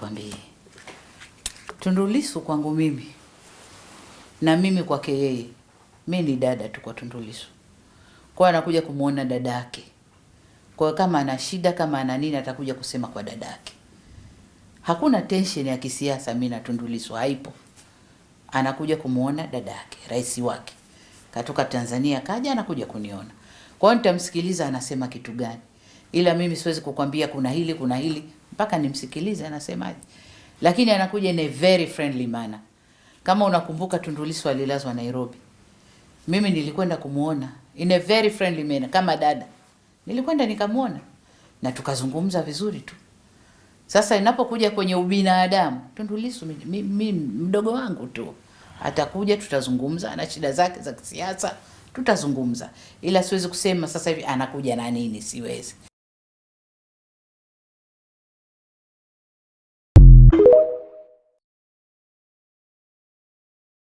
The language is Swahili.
nikwambie, Tundu Lissu kwangu mimi na mimi kwake yeye, mi ni dada tu kwa Tundu Lissu, kwa anakuja kumwona dada yake, kwa kama ana shida kama ana nini atakuja kusema kwa dada yake. Hakuna tension ya kisiasa mi na Tundu Lissu, haipo. Anakuja kumwona dada yake, rais wake katoka Tanzania, kaja anakuja kuniona. Kwa hiyo nitamsikiliza anasema kitu gani, ila mimi siwezi kukwambia kuna hili kuna hili mpaka nimsikilize anasemaje, lakini anakuja in a very friendly manner. Kama unakumbuka Tundu Lissu alilazwa Nairobi, mimi nilikwenda kumuona in a very friendly manner kama dada, nilikwenda nikamuona na tukazungumza vizuri tu. Sasa inapokuja kwenye ubinadamu, Tundu Lissu mimi mdogo wangu tu atakuja, tutazungumza na shida zake za kisiasa tutazungumza, ila siwezi kusema sasa hivi anakuja na nini, siwezi.